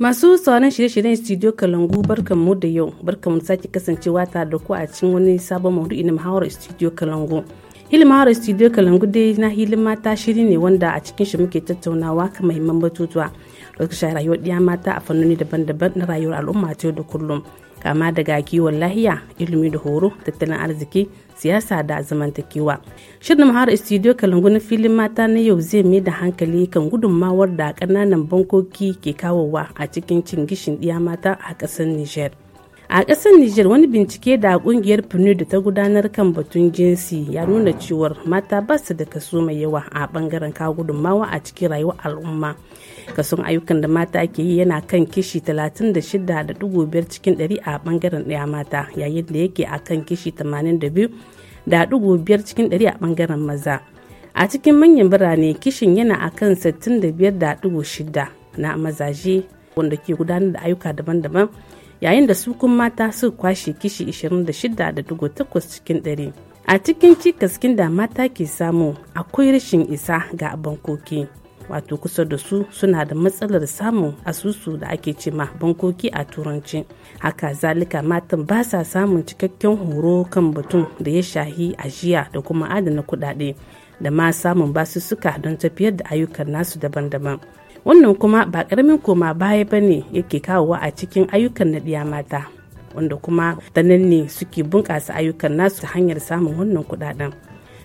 Masu sauran shirye-shiryen studio Kalangu mu da yau barkanmu da sake kasancewa tare da ku a cikin wani sabon maudu'i na muhawarar studio Kalangu. Hilmahar studio Kalangu dai na hilin mata shiri ne wanda a cikin shi muke tattaunawa kan muhimman batutuwa da suka rayuwar ɗiya mata a fannoni daban-daban na rayuwar al'umma ta yau da kullum. kama daga kiwon lahiya ilimi da horo tattalin arziki siyasa da zamantakewa shirin mahar studio kalangu filin mata na yau zai mai da hankali kan gudunmawar da kananan bankoki ke kawowa a cikin cin gishin ɗiya mata a ƙasar niger a ƙasar niger wani bincike da ƙungiyar pnu da ta gudanar kan batun jinsi ya nuna cewar mata ba su da kaso mai yawa a ɓangaren kawo gudunmawa a cikin rayuwar al'umma kason ayyukan da mata ke yi yana kan kishi 36.5 cikin 100 a bangaren ɗaya mata yayin da yake a kan kishi 82.5 da biyar cikin 100 a bangaren maza a cikin manyan birane kishin yana a kan 65.6 na mazaje wanda ke gudanar da ayyuka daban-daban yayin da su kun mata su kwashe kishi 26.8 cikin 100 a cikin cikaskin da mata ke samu akwai rashin isa ga bankoki wato kusa da su suna da matsalar samun asusu da ake ce ma bankoki a turanci haka zalika matan ba sa samun cikakken horo kan batun da ya shahi ajiya da kuma adana kudade da ma samun basussuka don tafiyar da ayyukan nasu daban-daban wannan kuma ba karamin koma baya ba ne yake kawowa a cikin ayyukan na ɗiya mata wanda kuma ta nan ne suke bunƙasa ayyukan nasu ta hanyar samun wannan kudaden.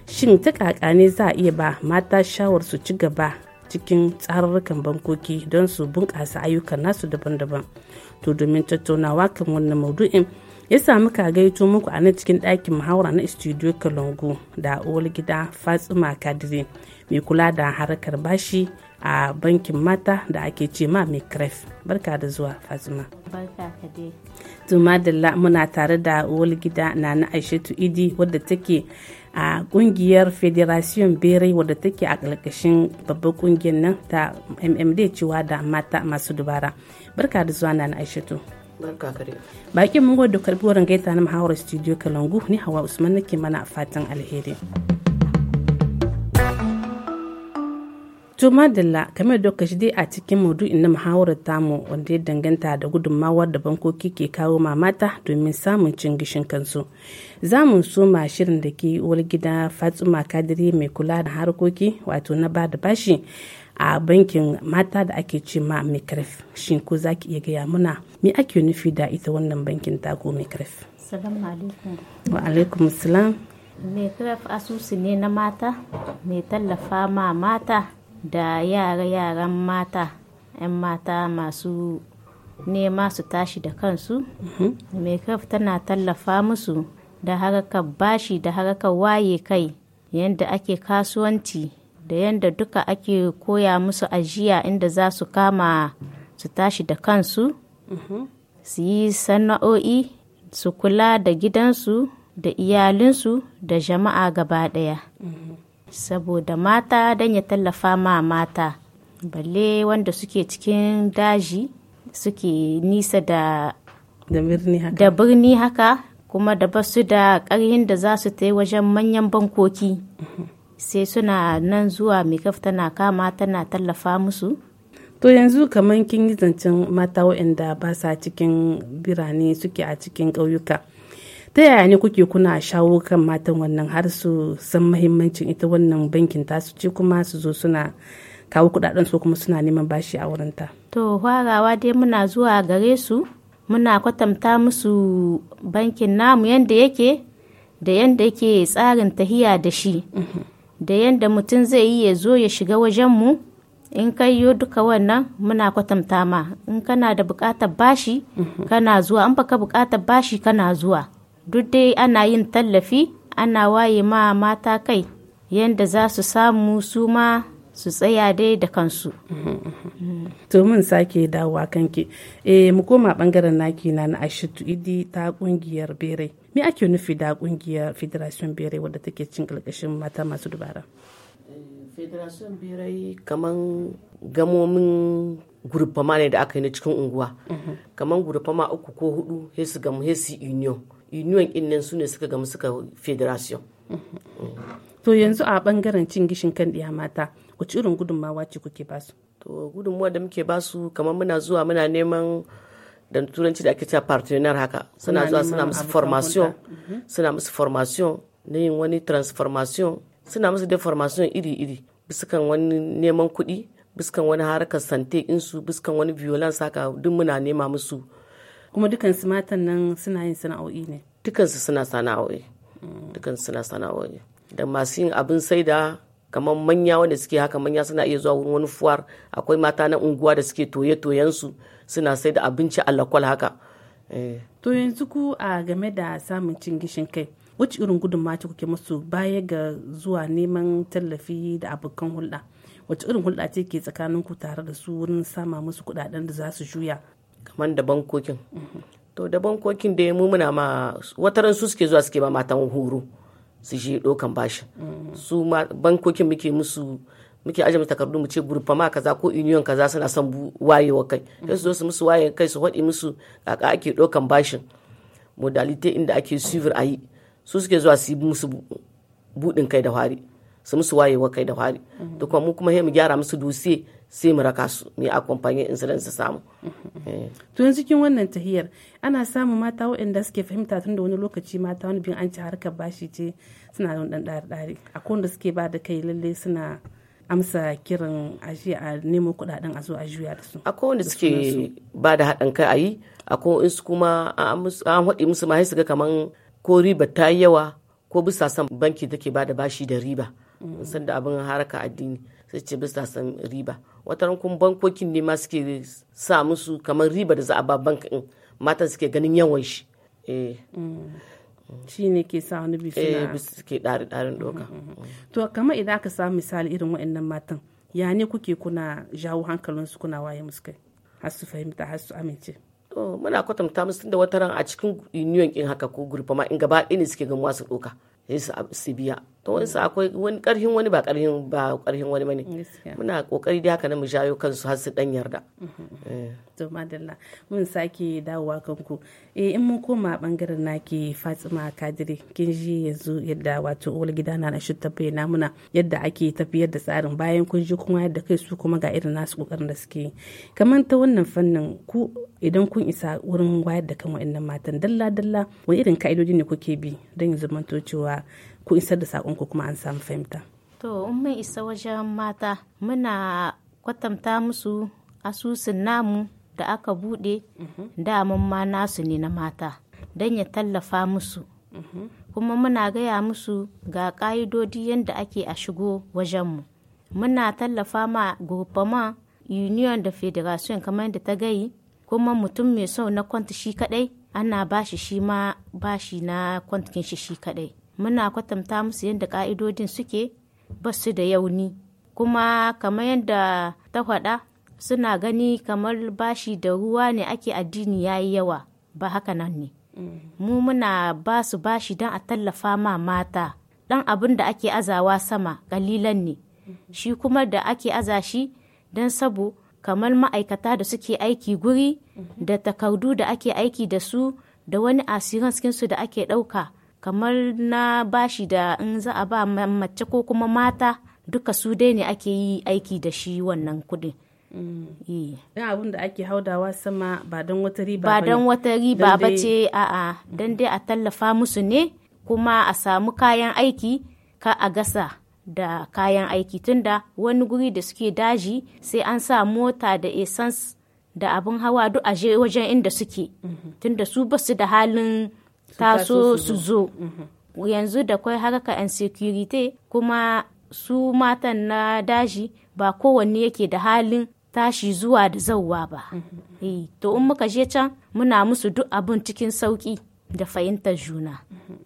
shin ta kakane ne za a iya ba mata shawar su ci gaba cikin tsararrukan bankoki don su bunƙasa ayyukan nasu daban-daban to domin tattaunawa kan wannan maudu'in ya samu kagaito muku a nan cikin ɗakin muhawara na studio kalongo da uwar gida fatsuma kadiri mai kula da harkar bashi a bankin mata da ake ce ma mai kref barka da zuwa fatsuma to da muna tare da uwar gida na na aishatu idi wadda take a kungiyar federation bere wadda take a ƙarƙashin babbar kungiyar nan ta mmd cewa da mata masu dubara barka da zuwa na aishatu bakin mun da karbi wurin gaita na mahawar studio kalangu ni hawa usman nake mana fatan alheri To madalla kamar da doka dai a cikin maudu'in na muhawarar tamu wanda ya danganta da gudunmawar da bankoki ke kawo mata domin samun cin gishin kansu. Za mu soma shirin da ke uwar gida Fatsuma Kadiri mai kula da harkoki wato na ba da bashi a bankin mata da ake ce ma mai karf. Shin ko za ki iya gaya muna me ake nufi da ita wannan bankin tako mai Salamu alaikum. salam. Mai asusu ne na mata mai tallafa ma mata da yara-yaran mata 'yan mata masu nema su tashi da kansu kaf mm-hmm. tana tallafa musu da harkar bashi da harkar waye kai yadda ake kasuwanci da yadda duka ake koya musu ajiya inda za su kama su tashi da kansu mm-hmm. su yi sana'o'i su kula da gidansu da iyalinsu da jama'a gaba ɗaya. Mm-hmm. saboda mata don ya tallafa ma mata balle wanda suke cikin daji suke nisa da da birni haka kuma da ba su da ƙarhin da za su ta wajen manyan bankoki sai suna nan zuwa kafa tana kama tana tallafa musu to yanzu kamar kin yi zancen mata waɗanda ba sa cikin birane suke a cikin ƙauyuka ta yaya ne kuke kuna shawo kan matan wannan har su san mahimmancin ita wannan bankin tasu ce kuma su zo suna kawo kudaden su kuma suna neman bashi a ta to farawa dai muna zuwa gare su muna kwatanta musu bankin namu yadda yake da yadda yake tsarin tahiya da shi mm-hmm. da yadda mutum zai yi ya zo ya shiga wajenmu in ka yi duka wannan muna kwatanta ma in kana da bukatar mm-hmm. bashi kana zuwa in baka bukatar bashi kana zuwa duk dai ana yin tallafi ana waye ma mata kai yadda za su samu su ma su tsaya dai da kansu. To mun sake dawowa kanki. Eh mu koma bangaren naki na na Ashitu Idi ta kungiyar Bere. Me ake nufi da kungiyar Federation Bere wadda take cin kalkashin mata masu dubara? Federation Bere kaman gamomin gurfama ne da aka yi na cikin unguwa. Mhm. Kaman gurfama uku ko hudu hesu gamu hesu union. union in nan su ne suka gamu suka federation to yanzu a bangaren cin gishin kan diya mata ci irin gudunmawa ce kuke su. to gudunmawa da muke ba basu kamar muna zuwa muna neman da turanci da ake cewa partner haka suna zuwa suna musu formation mhm. suna musu formation na yin wani transformation suna musu da formation iri-iri biskan wani neman kuɗi biskan wani harkar sante insu biskan wani violence haka duk muna nema musu kuma su matan nan suna yin sana'o'i ne su suna sana'o'i dukansu suna sana'o'i da masu yin abin saida kamar manya wanda suke haka manya suna iya zuwa wurin wani fuwar akwai mata na unguwa da suke toye-toyen su suna sai da abinci alakwal haka eh. to yanzu ku a game da samun cin gishin kai wacce irin gudun ce kuke musu baya ga zuwa neman tallafi da abokan hulɗa wacce irin hulɗa ce ke tsakanin ku tare da su wurin sama musu kuɗaɗen da za su juya kamar da bankokin to da bankokin da mu muna ma wataran su suke zuwa suke ba matan horo su shi ɗaukan bashi su bankokin muke musu muke aje musu takardu mu ce gurfa ma kaza ko union kaza suna son wayewa kai sai su zo su musu waye kai su haɗi musu kaka ake ɗaukan bashin modalite inda ake suivre ayi su suke zuwa su yi musu buɗin kai da hwari su musu wayewa kai da hwari to kuma mu kuma mu gyara musu dosiye sai mu raka su mu a kwamfani in su samu. Eh. To yanzu cikin wannan tahiyar ana samun mata waɗanda suke fahimta tun da wani lokaci mata wani bin an ci harkar bashi ce suna da wani ɗan ɗari a wanda suke ba da kai lalle suna amsa kiran aji a nemo kuɗaɗen a zo a juya da su. Akwai wanda suke ba da haɗin kai a yi akwai su kuma an haɗe musu ma su ga kaman ko riba ta yi yawa ko bisa san banki take ba da bashi da riba. Mm. Sanda abin haraka addini sai ce bisa san riba. wataran kuma bankokin ne ma suke sa musu kamar riba da za a ba bankin matan suke ganin yawan shi eh. mm. shi ne ke sa wani eh, bisu na bisu suke ɗari doka mm, mm, to kamar idan aka samu misali irin waɗannan matan ya ne kuke kuna jawo hankalinsu kuna waye musu kai har su fahimta har su amince muna kwatanta musu tunda wataran a cikin union kin haka ko gurfa ma in gaba ɗaya ne suke gamuwa su doka sai su biya to wani sa akwai wani karhin wani ba karhin ba karhin wani bane muna kokari da haka na mu jayo kansu har su dan yarda mm-hmm. eh. to madalla mun sake dawowa kanku eh in mun koma bangaren naki Fatima Kadiri kin ji yanzu yadda wato uwar gida na na shutta bayyana muna yadda ake tafiyar da tsarin bayan kun ji kuma yadda kai su kuma ga irin nasu kokarin da suke kamar ta wannan fannin ku idan kun isa wurin wayar da kan wa'annan matan dalla dalla wani irin ka'idodi ne kuke bi don yanzu zamanto cewa ku isar da ku kuma an samu fahimta to in mun isa wajen mata muna kwatanta musu asusun namu da aka buɗe mhm. daman ma nasu ne na mata don ya tallafa musu mhm. kuma muna gaya musu ga ƙa'idodi yadda ake a shigo wajenmu muna tallafa ma gopama union da federation kamar da ta gayi kuma mutum mai sau na kwanta shi kadai ana bashi shi ma bashi na kwantakin shi shi kadai muna kwatanta musu yadda ka'idodin suke ba su da yauni kuma kamar yadda ta faɗa suna gani kamar bashi da ruwa ne ake addini ya yi yawa ba haka nan ne mu muna ba su bashi don a tallafa ma mata ɗan abin da ake azawa sama ƙalilan ne shi kuma da ake aza shi don sabo kamar ma'aikata da suke aiki guri da takardu da ake aiki da su da wani asirin su da ake ɗauka kamar na bashi da in za a ba mace ko kuma mata duka su dai ne ake yi aiki da shi wannan kudin Yan mm. eh. abin da ake haudawa sama ba don wata riba ba don wata riba ba ce a'a don dai a tallafa musu ne kuma a samu kayan aiki ka a gasa da kayan aiki tunda wani guri da suke daji sai an sa mota da essence da abin hawa duk a je wajen inda suke mm-hmm. tunda su basu da halin taso su zo mhm. yanzu da kwai harka security kuma su matan na daji ba kowanne yake da halin tashi zuwa da zauwa ba mhm. eh, to in muka je can muna musu duk abin cikin sauki da fahimtar juna mhm.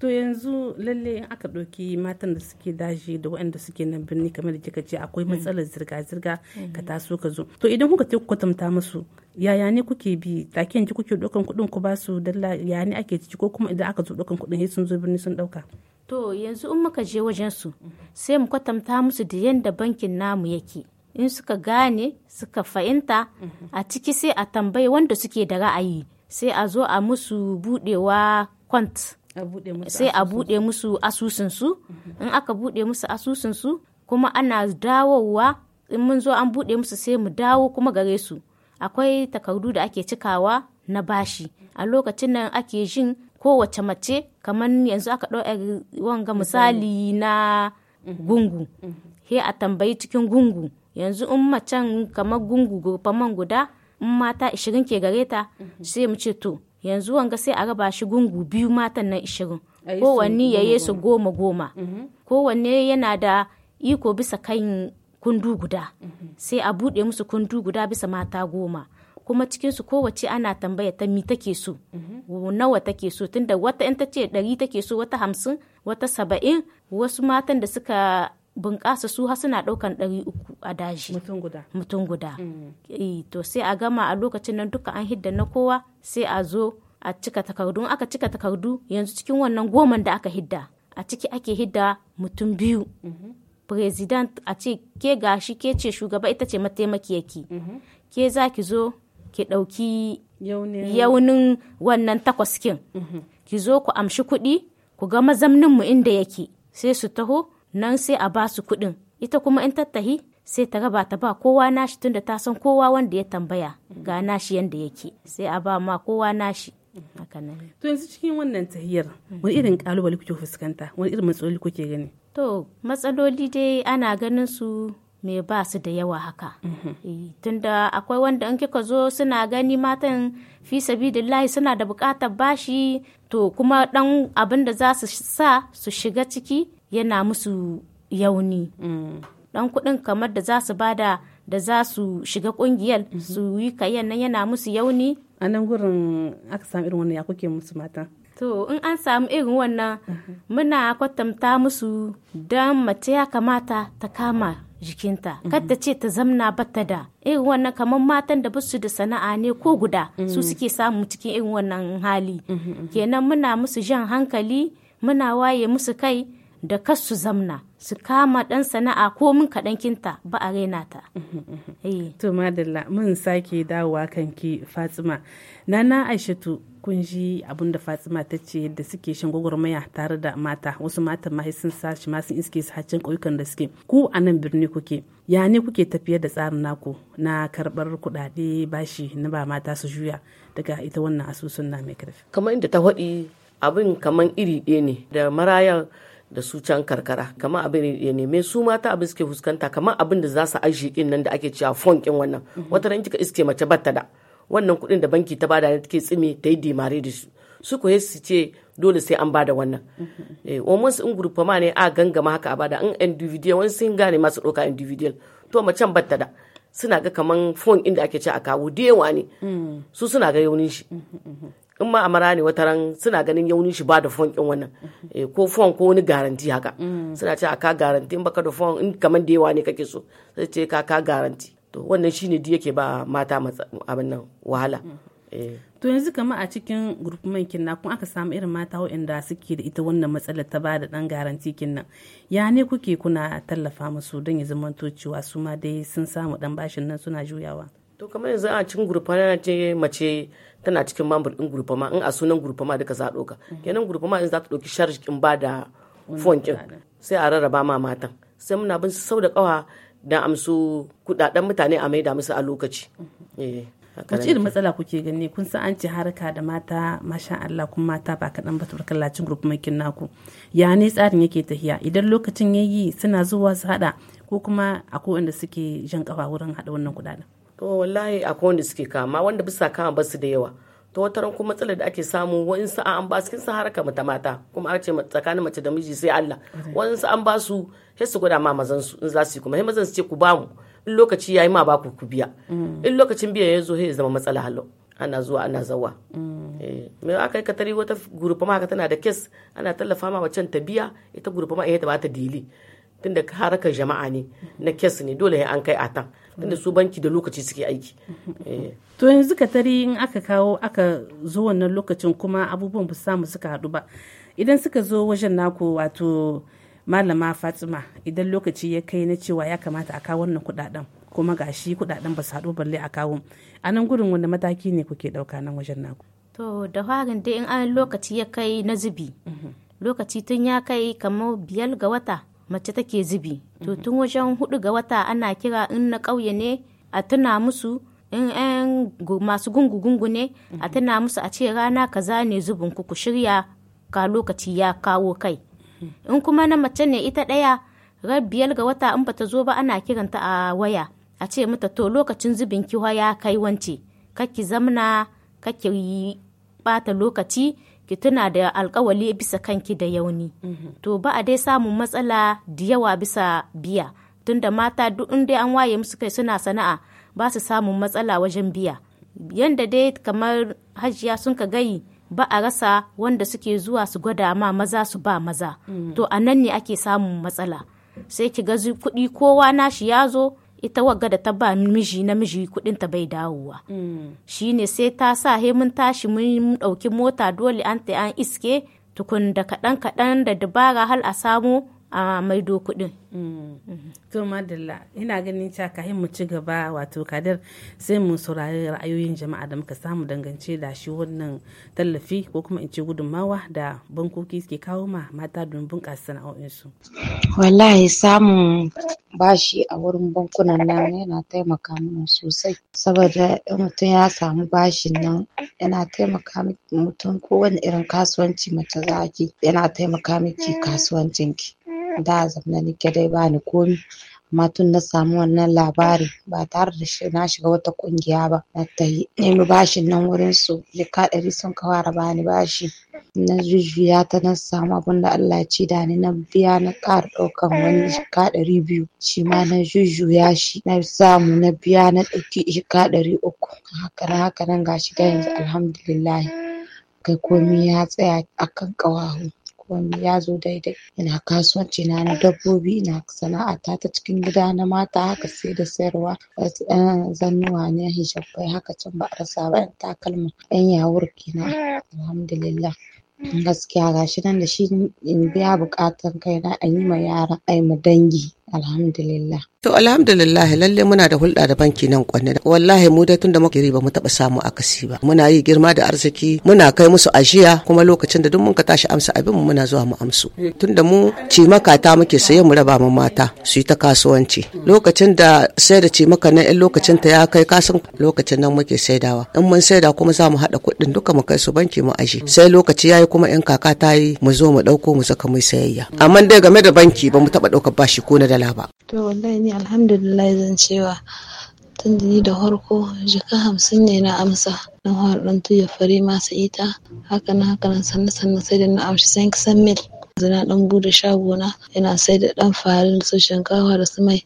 to yanzu lalle in aka ɗauki matan da suke daji da waɗanda suke nan birni kamar da kika ce akwai hmm. matsalar zirga-zirga hmm. ka taso ka zo to idan kuka ku kwatanta musu yaya ne kuke bi ke yanzu kuke ɗaukan kuɗin ku ba su dalla ya ne ake ciki ko kuma idan aka zo ɗaukan kuɗin sai sun zo birni sun ɗauka to yanzu in muka je wajen su sai mu kwatanta musu da yadda bankin namu yake in suka gane suka fahimta hmm. a ciki sai a tambayi wanda suke da ra'ayi sai a zo a musu budewa kwant sai a buɗe musu asusunsu in aka buɗe musu asusunsu kuma ana dawowa in mun zo an buɗe musu sai mu dawo kuma gare su akwai takardu da ake cikawa na bashi a lokacin nan ake jin kowace mace kamar yanzu aka ɗau wanga misali na mhm. gungu mhm. he a tambayi cikin gungu yanzu in macen kamar gungu gurfaman guda in mata 20 ke gare ta mhm. sai mu ce to yanzu wanga sai a raba shi gungu biyu matan nan ishirin kowanne ya yi su goma goma mhm. kowanne yana da iko bisa kan kundu guda mhm. sai a buɗe musu kundu guda bisa mata goma kuma cikinsu kowace ana tambaya ta mi take so mhm. nawa take so tunda wata in ta ce ɗari take so wata hamsin wata saba'in wasu matan da suka bunƙasa su har suna ɗaukan ɗari uku a daji mutum guda mm. e, to sai a gama a lokacin nan duka an hidda na kowa sai a zo a cika takardu aka cika takardu yanzu cikin wannan goman da aka hidda a ciki ake hidda mutum biyu mm-hmm. president a ce ke gashi ke ce shugaba ita ce mataimakiyaki mm-hmm. ke za ki zo ki ɗauki yaunin wannan takwas kin mm-hmm. ki zo ku amshi kuɗi ku ga mazamninmu inda yake sai su taho nan sai a ba su kuɗin ita kuma in tattahi sai ta raba ta ba kowa nashi tunda ta san kowa wanda ya tambaya ga nashi yanda yake sai a ba ma kowa nashi to yanzu cikin wannan tahiyar wani irin kalubale kuke fuskanta wani irin matsaloli kuke gani to matsaloli dai ana ganin su me ba su da yawa haka mhm. eh, tunda akwai wanda in kika zo suna gani matan fi sabidillahi suna da bukatar bashi to kuma dan abin da za su sa su shiga ciki yana musu yauni dan kuɗin kamar da za su bada da za su shiga ƙungiyar mhm. su yi kayan nan yana musu yauni a nan gurin aka samu irin wannan ya kuke musu mata to in an samu irin wannan mhm. muna kwatanta musu don mace ya kamata ta kama jikinta mhm. kar ta ce ta zamna bata da irin wannan kamar matan da basu da sana'a ne ko guda su suke samu cikin irin wannan hali kenan muna musu jan hankali muna waye musu kai da kas su zamna su kama dan sana'a ko min kaɗan kinta ba a raina ta. Eh. To madalla mun sake dawowa kanki Fatima. Nana Aishatu kun ji abin da Fatima ta ce da suke shan gwagwarmaya tare da mata wasu mata ma sun sashi ma sun iske su haccin ƙauyukan da suke ku a nan birni kuke ya ne kuke tafiyar da tsarin naku na karɓar kuɗaɗe bashi na ba mata su juya daga ita wannan asusun na mai karfi. Kamar inda ta faɗi abin kamar iri ɗaya ne da marayar da su can karkara kama abin ya neme su mata abin suke fuskanta kama abin da za su aji din nan da ake cewa fonkin wannan mhm. wata ran kika iske mace batta da wannan kuɗin da banki ta bada ne take tsimi ta yi demare da su su ko su ce dole sai an bada wannan mhm. eh wannan in ma ne a gangama haka a bada in individual wani sun gane masu doka individual to macen batta da suna ga kaman fon da ake ce a kawo da ne mm. su suna ga yaunin shi mhm, in ma amara ne wata ran suna ganin yaunin shi ba da fon kin wannan eh, ko fon ko wani garanti haka mm. suna ce a ka garanti in baka da fon in kamar da yawa ne kake so sai ce ka ka garanti to wannan shine duk yake ba mata abin nan wahala mm. eh. to yanzu kamar a cikin gurupu-mai-kin kinna kun aka samu irin mata waɗanda suke da ita wannan matsalar ta ba da ɗan garanti kinnan ya ne kuke kuna tallafa musu don ya zama cewa su ma dai sun samu ɗan bashin nan suna juyawa to kamar yanzu a cikin gurupu-mai-na ce mace tana cikin mambar din in a sunan group duka za doka kenan group in za ta ɗauki charge kin ba da fonkin sai a rarraba ma matan sai muna bin su sau da kawa da amsu kudaden mutane a da musu a lokaci mhm. eh, wace irin matsala kuke gani kun san an ci harka da mata masha Allah kun mata ba kaɗan ba turkan lacin grup makin naku ya ne tsarin yake tahiya idan lokacin yayi suna zuwa su haɗa ko kuma akwai wanda suke jan kafa wurin haɗa wannan kudaden to wallahi akwai wanda suke kama wanda bisa kama basu da yawa to ran kuma matsalar da ake samu wa'insu an ba su kin haraka mata mata kuma a ce tsakanin mace da miji sai Allah wa'insu an ba su sai su gwada ma mazan su in za su yi kuma sai mazan su ce ku ba mu in lokaci yayi ma ba ku ku biya mm. in lokacin biya ya zo sai ya zama matsala halau ana zuwa ana zawa mm. eh, me aka yi katari wata gurupa ma tana da kes ana tallafa ma wacan ta biya ita gurupa ma ita eh, ba ta dili tunda haraka jama'a ne na kes ne dole sai an kai a tan inda su banki da lokaci suke aiki eh. to yanzu ka tari in aka kawo aka zo wannan lokacin kuma abubuwan ba samu suka haɗu ba idan suka zo wajen naku wato malama fatima idan lokaci ya kai na cewa ya kamata a kawo wannan kuɗaɗen kuma gashi kuɗaɗen ba su haɗu balle a kawo a nan gurin wanda mataki ne kuke ɗauka nan wajen naku to da farin dai in an lokaci ya kai na zubi mhm. lokaci tun ya kai kamar biyar ga wata mace take zubi to mhm. tun wajen hudu ga wata ana kira in na ƙauye ne a tuna musu in yan masu gungu-gungu ne a mhm. tuna musu a ce rana kaza ne zubin ku shirya ka lokaci ya kawo kai mhm. in kuma na mace ne ita ɗaya biyar ga wata in bata zo ba ana kiranta a waya a ce mata to lokacin zubin kiwa ya kai wance kaki zamna kaki bata lokaci ki tuna da alkawali bisa kanki da yauni mhm. to ba a dai samun matsala da yawa bisa biya tunda mata duk inda an waye musu kai suna sana'a ba su samun matsala wajen biya yanda dai kamar hajiya sun ka gayi ba a rasa wanda suke zuwa su gwada ma maza su ba maza mhm. to a nan ne ake samun matsala sai ki ga kuɗi kowa nashi ya zo ita wagga da ta ba miji namiji kudin ta bai dawowa shine sai ta sa he mun tashi mun ɗauki mota dole an ta an iske tukun da kaɗan kaɗan da dabara hal a samo a maido kudin. Mm. Mm. to madalla ina ganin cewa kahin mu ci gaba wato kadar sai mu saurari ra'ayoyin jama'a da muka samu dangance da shi wannan tallafi ko kuma in ce gudunmawa da bankoki suke kawo ma mata don bunƙasa sana'o'insu. wallahi samun bashi a wurin bankunan nan yana taimaka mana sosai saboda mutum ya samu bashin nan yana taimaka mutum kowane irin kasuwanci mace za ki yana taimaka miki kasuwancinki da zamne nake dai bani komi amma tun na samu wannan labari ba tare da na shiga wata ƙungiya ba na ta yi nemi bashin nan wurin su jika ɗari sun kawara bani bashi na jujjuya ta na samu abin da Allah ya ci da ni na biya na ƙara ɗaukan wani jika ɗari biyu shi ma na jujjuya shi na samu na biya na ɗauki jika ɗari uku haka nan haka nan gashi da yanzu alhamdulillah kai komi ya tsaya akan ƙawahu Wani ya zo daidai ina kasuwanci na na dabbobi na sana'ata ta cikin gida na mata haka sai da sayarwa yan zannuwa ne hijabai haka can ba a rasa ba yan takalma yan yawur kenan alhamdulillah gaskiya gashi nan da shi in biya bukatan kaina in yi ma yara ai mu dangi Alhamdulillah. To alhamdulillah lalle muna da hulɗa da banki nan kwanne wallahi mu dai tunda muke riba mu taɓa samu akasi ba muna yi girma da arziki muna kai musu ajiya kuma lokacin da duk mun ka tashi amsa abin mu muna zuwa mu amsu tunda mu cimaka ta muke saye mu raba mu mata su yi ta kasuwanci lokacin da sai da cimaka na in lokacin ta ya kai kasan lokacin nan muke saidawa in mun saida kuma za mu haɗa kuɗin duka mu kai su banki mu aji. sai lokaci yayi kuma in kaka ta yi mu zo mu ɗauko mu saka mu sayayya amma dai game da banki ba mu taɓa ɗaukar bashi ko na matsala ba to wallahi ni alhamdulillah zan cewa tun da ni da harko jika hamsin ne na amsa na ɗan tuya fari masu ita haka na haka nan sannan sannan sai da na amshi san kisan mil zina ɗan bude shagona yana sai da ɗan farin su shinkafa da su mai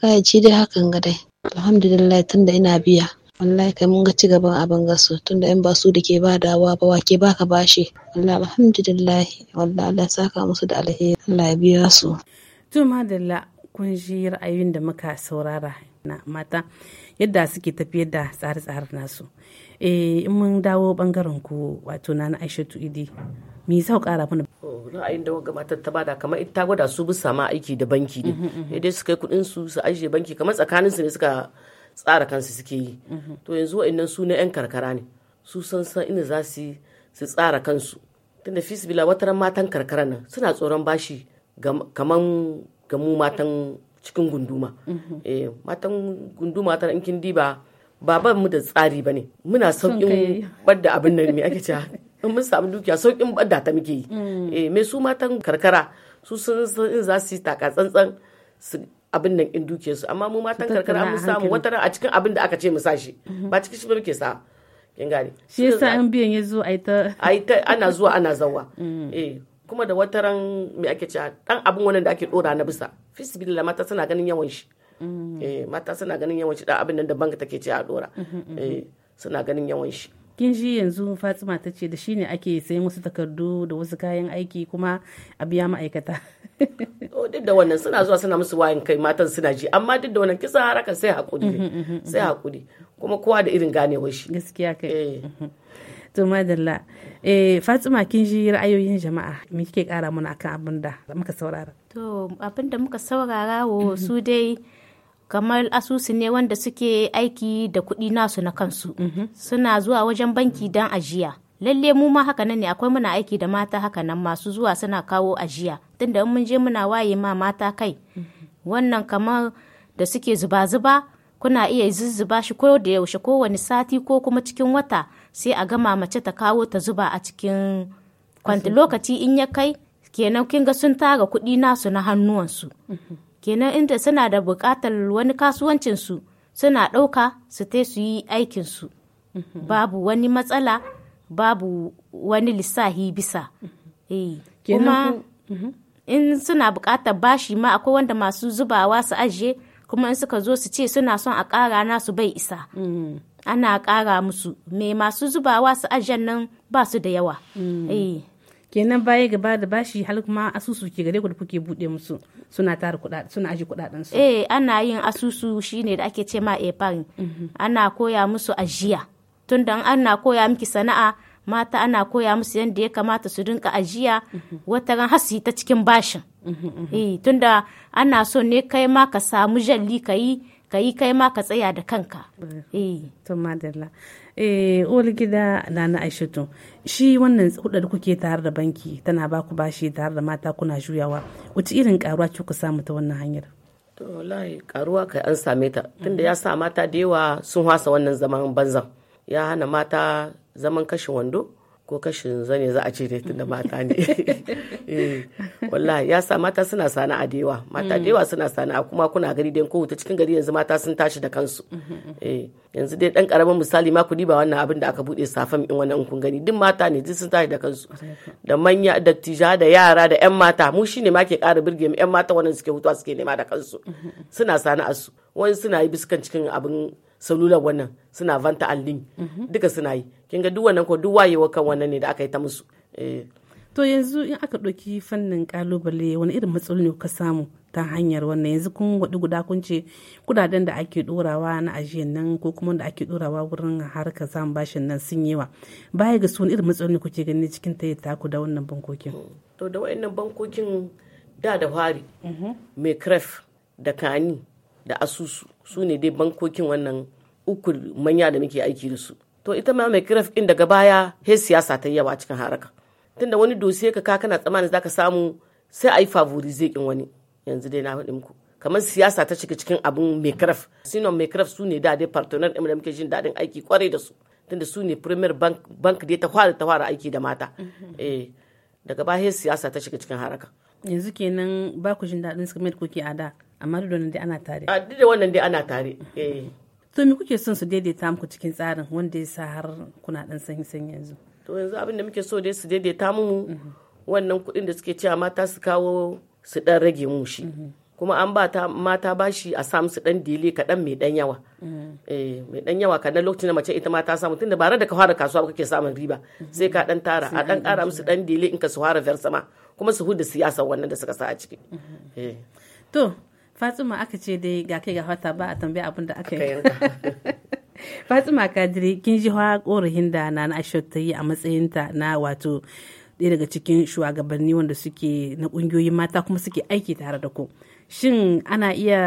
kayaci dai hakan ga dai alhamdulillah tun da ina biya wallahi kai mun ga ci gaban abin gasu tun da in ba su da ke ba badawa ba wake baka bashi wallahi alhamdulillah wallahi Allah saka musu da alheri Allah ya biya su to madalla kun ji ra'ayoyin da muka saurara na mata yadda suke tafiyar da tsare tsare nasu eh, in mun dawo bangaren ku wato na aisha idi me za kara mana ra'ayin da wanga matar ta bada kamar ita ta gwada su bisa ma aiki da banki ne mm-hmm, mm-hmm. dai su kai kudin su su ajiye banki kamar tsakanin su ne suka tsara kansu suke yi mm-hmm. to yanzu wa'annan su ne yan karkara ne su san san inda za su su tsara kansu tunda fisbila wataran matan karkara nan suna tsoron bashi kaman gamu matan cikin gunduma mhm. eh, matan gunduma ta in kin diba ba mu da tsari bane muna saukin badda abin nan me ake cewa in mun samu dukiya saukin badda ta muke yi mm. eh, me su matan karkara su sun in za su yi taka tsantsan su abin nan in dukiya su amma mu matan karkara mun samu wata a cikin abin da aka ce mu shi. Mhm. ba cikin shi ba muke sa kin gane shi yasa an biyan ya zo yi ta yi ta ana zuwa ana zawa mm. eh kuma da wataran me ake cewa dan abin wannan da ake dora na bisa fisbillah mata suna ganin yawan shi mm. eh mata suna ganin yawan shi dan abin nan da banka take cewa a dora mm, mm, eh suna ganin yawan shi kin ji yanzu fatima ta ce da shi ne ake sayan wasu takardu da wasu kayan aiki kuma a biya ma'aikata oh duk da wannan suna zuwa suna musu wayan kai matan suna ji amma duk da wannan kisa haraka sai hakuri ne sai hakuri kuma kowa da irin ganewar shi gaskiya kai eh. to madalla eh fatima kin ji ra'ayoyin jama'a me kike kara mana akan abin da muka saurara to abin da muka saurara wo su dai kamar asusu ne wanda suke aiki da kuɗi nasu na kansu mhm. suna zuwa wajen banki don ajiya lalle mu ma haka nan ne akwai muna aiki da mata haka nan masu zuwa suna kawo ajiya tunda in mun je muna waye ma mata kai mhm. wannan kamar da suke zuba-zuba kuna iya zuzzuba shi ko da yaushe kowani sati ko kuma cikin wata sai a gama mace ta kawo ta zuba a cikin kwanti lokaci in ya kai kenan kin ga sun tara kuɗi nasu na hannuwansu kenan inda suna da buƙatar wani kasuwancinsu suna ɗauka su te su yi aikinsu babu wani matsala babu wani lissahi bisa eh, kuma in suna bukatar bashi ma akwai wanda masu zubawa su ajiye kuma in suka zo su ce suna son a ƙara nasu bai isa mm. ana ƙara musu me masu zubawa su ajiyar nan ba su da yawa mm. eh. kenan baya gaba da bashi hal kuma asusu ke gare ku da kuke bude musu suna tara suna aji kudaden su eh ana yin asusu shine da ake ce ma epargne mm-hmm. ana koya musu ajiya tunda ana koya miki sana'a mata ana koya musu yadda ya kamata su dinka ajiya mm-hmm. wata ran hasi ta cikin bashin mm-hmm, eh tunda ana so ne kai ma ka samu jalli ka yi ka yi kai ma ka tsaya da kanka eh, eh. to madalla eh uwar gida na na aishatu shi wannan da kuke tare da banki tana ba ku bashi tare da mata kuna juyawa wace irin karuwa ce ku samu ta wannan hanyar to wallahi karuwa kai an same ta tunda ya sa mata da yawa sun hasa wannan zaman banzan ya hana mata zaman kashe wando ko kashin zane za a ce ne tunda mata ne eh, wallahi ya sa mata suna sana a dewa mata dewa suna suna a kuma kuna gari dai ko ta cikin gari yanzu mata sun tashi da kansu eh, yanzu dai dan karamin misali ma ku diba wannan abin da aka bude safan in wannan kun gani duk mata ne duk sun tashi da kansu da manya da tija da yara da yan mata mu shine ma ke kara birge mu yan mata wannan suke hutuwa suke nema da kansu suna a su wani suna yi biskan cikin abin salula wannan suna vanta allin mhm. duka suna yi kin ga duk wannan ko duk wayewa kan wannan ne da aka yi ta musu eh. to yanzu in aka ɗauki fannin kalubale wani irin matsaloli ne ka samu ta hanyar wannan yanzu kun waɗi guda kun ce kudaden da ake ɗorawa na ajiyar nan ko kuma da ake ɗorawa wurin harkar samun bashin nan sun yawa baya ga su wani irin matsaloli kuke gani cikin ta taku da wannan bankokin to da wayannan bankokin da da fari mhm. mai kref da kani da asusu su ne dai bankokin wannan uku manya da muke aiki da su to ita ma mai kiraf din daga baya he siyasa ta yawa cikin haraka tunda wani dosiye ka ka kana tsammanin zaka samu sai a yi favorize kin wani yanzu dai na faɗi muku kamar siyasa ta shiga cikin abun mai kiraf sinon mai kiraf su ne da dai partner ɗin da muke jin daɗin aiki kwarai da su tunda su ne premier bank bank dai ta fara ta fara aiki da mata mm-hmm. eh daga baya siyasa ta shiga cikin haraka yanzu kenan ba ku jin daɗin su kamar kuke a da amma duk wannan dai ana tare a duk da wannan dai ana tare eh. to me kuke son su daidaita muku cikin tsarin wanda ya sa har kuna dan sanyi sanyi yanzu to yanzu abin da muke so dai su daidaita mu wannan kuɗin da suke cewa mata su kawo su dan rage mu shi kuma an ba ta mata bashi a sa musu dan dile kaɗan mai dan yawa eh mai dan yawa kaɗan lokacin da mace ita ma ta samu tunda ba da ka fara kasuwa kake samun riba sai ka dan tara a dan kara musu dan dile in ka su fara versama kuma su huda siyasa wannan da suka sa a ciki eh. to fatima aka ce dai ga kai ga fata ba a tambaya abin da aka yi fatima kadiri kin ji hawa korafin da na na ta yi a matsayinta na wato ɗaya daga cikin shugabanni wanda suke na ƙungiyoyin mata kuma suke aiki tare da ku shin ana iya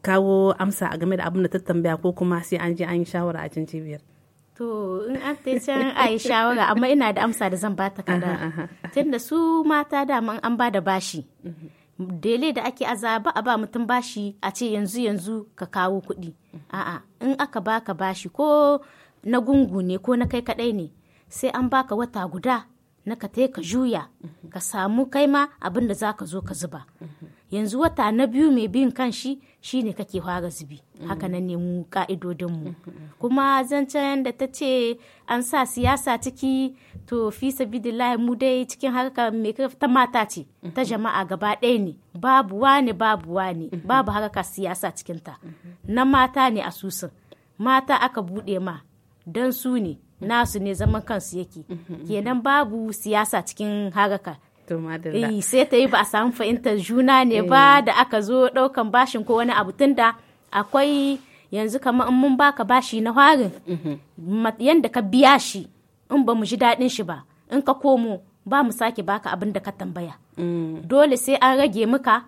kawo amsa a game da abin da ta tambaya ko kuma sai an je an yi shawara a can cibiyar to in an ta can a yi shawara amma ina da amsa da zan ba ta kada tunda su mata da an ba da bashi mhm. dele da ake azaba a ba mutum bashi a ce yanzu yanzu ka kawo kuɗi a'a in aka baka bashi ko na gungu ne ko na kai kaɗai ne sai an baka wata guda na ka ka juya ka samu kai ma abinda da za ka zo ka zuba yanzu wata na biyu mai bin kan shi shine kake fara zubi haka nan ne mu ka'idodinmu kuma zancen da ta ce an sa siyasa ciki to fi sabidillahi mu dai cikin harka mai ta mata ce ta jama'a gaba ɗaya ne babu ne babu ne babu harka siyasa cikin ta na mata ne asusun mata aka buɗe ma don su ne nasu ne zaman kansu yake kenan babu siyasa cikin haraka eh sai ta yi ba a samu fahimtar juna ne ba eh. da aka zo ɗaukan bashin ko wani abu tunda akwai yanzu kamar in mun baka bashi na harin mhm. yanda ka biya shi in ba mu ji daɗin shi ba in ka komo ba mu sake baka abin da ka tambaya mm. dole sai an rage muka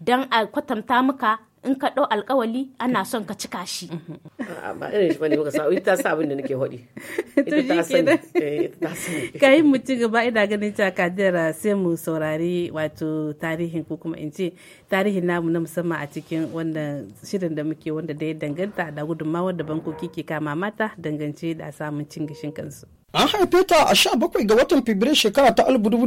dan a kwatanta muka in ka ɗau alkawali ana son ka cika shi. Ba irin shi bane sa ita ta sa abin da nake hoɗi. Ita ta sani. Eh, Kayi mu ci gaba ina ganin ta kadira sai mu saurari wato tarihin ko kuma in ce tarihin namu na musamman a cikin wannan shirin da muke wanda da ya danganta da gudunmawar da bankoki ke kama mata dangance da samun cin gishin kansu. An haife ta a sha bakwai ga watan Fabrairu shekara ta alif dubu